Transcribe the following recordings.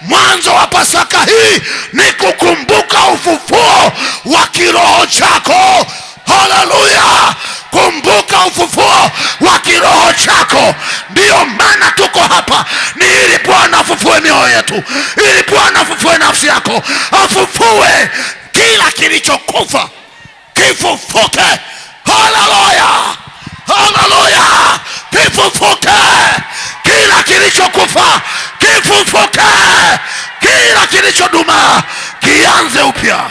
Mwanzo wa Pasaka hii ni kukumbuka ufufuo wa kiroho chako. Haleluya! Kumbuka ufufuo wa kiroho chako. Ndiyo maana tuko hapa, ni ili Bwana afufue mioyo yetu, ili Bwana afufue nafsi yako, afufue kila kilichokufa kifufuke. Haleluya, haleluya, kifufuke kila kilichokufa kifufuke, kila kilichodumaa kianze upya.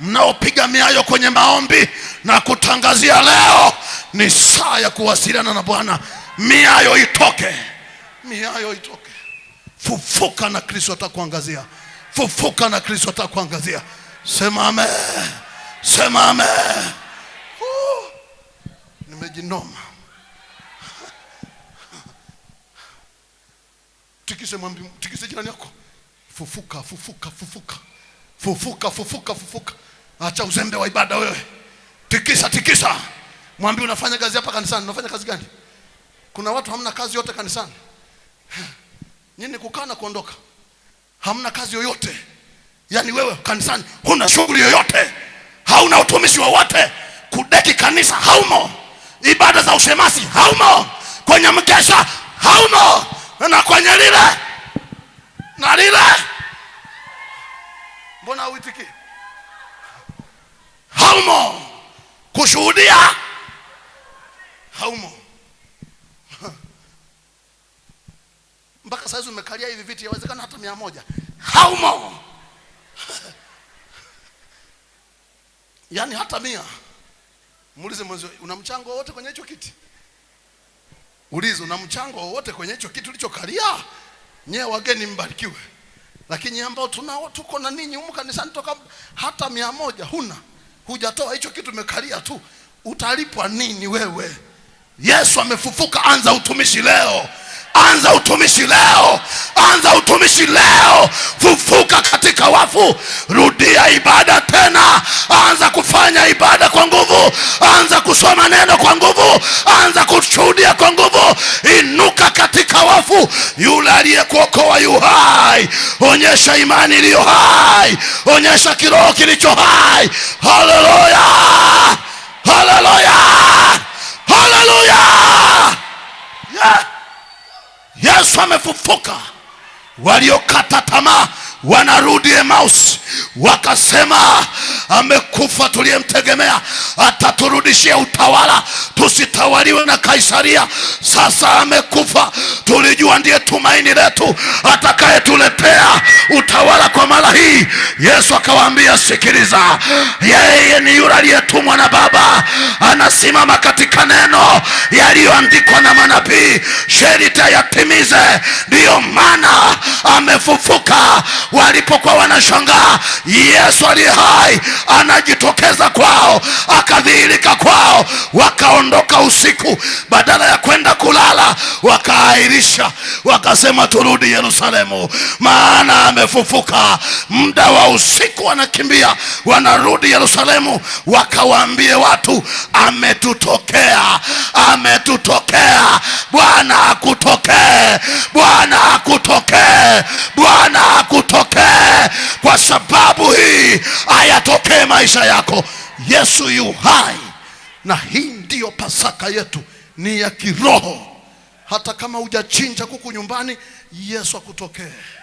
Mnaopiga miayo kwenye maombi na kutangazia, leo ni saa ya kuwasiliana na Bwana. Miayo itoke, miayo itoke. Fufuka na Kristo atakuangazia. Fufuka na Kristo atakuangazia. Sema amen, sema amen. Nimejinoma. mtikise, mwambie mtikise jirani yako, fufuka, fufuka, fufuka, fufuka, fufuka, fufuka. Acha uzembe wa ibada wewe, tikisa, tikisa. Mwambie unafanya kazi hapa kanisani, unafanya kazi gani? Kuna watu hamna kazi yote kanisani, nini kukaa na kuondoka, hamna kazi yoyote. Yaani wewe kanisani huna shughuli yoyote, hauna utumishi wowote, kudeki kanisa haumo, ibada za ushemasi haumo, kwenye mkesha haumo na kwenye lile na lile, mbona uitiki? Haumo kushuhudia, haumo mpaka saizi umekalia hivi viti, yawezekana hata mia moja, haumo yaani hata mia. Muulize mwenzi, una mchango wote kwenye hicho kiti? ulizo na mchango wowote kwenye hicho kitu ulichokalia. Nyewe wageni mbarikiwe, lakini ambao tunao tuko na ninyi humu kanisani toka hata mia moja huna hujatoa hicho kitu umekalia tu, utalipwa nini wewe? Yesu amefufuka, anza utumishi leo, anza utumishi leo, anza utumishi leo. Fufuka katika wafu, rudia ibada tena, anza kufa yule aliyekuokoa yu hai. Onyesha imani iliyo hai, onyesha kiroho kilicho hai. Haleluya, haleluya, haleluya! Yesu amefufuka, waliokata tamaa wanarudi emaus wakasema amekufa tuliyemtegemea, ataturudishia utawala, tusitawaliwe na Kaisaria. Sasa amekufa, tulijua ndiye tumaini letu, atakayetuletea utawala kwa mara hii. Yesu akawaambia, sikiliza, yeye ni yule aliyetumwa na Baba, anasimama katika neno yaliyoandikwa na manabii, sherita yatimize. Ndiyo maana amefufuka walipokuwa wanashangaa, Yesu aliye hai anajitokeza kwao, akadhihirika kwao. Wakaondoka usiku, badala ya kwenda kulala wakaahirisha, wakasema turudi Yerusalemu, maana amefufuka. Muda wa usiku wanakimbia, wanarudi Yerusalemu, wakawaambie watu ametutokea, ametutokea. Bwana akutokee, Bwana akutokee, Bwana kwa sababu hii ayatokee maisha yako. Yesu yu hai, na hii ndiyo Pasaka yetu, ni ya kiroho. Hata kama hujachinja kuku nyumbani, Yesu akutokee.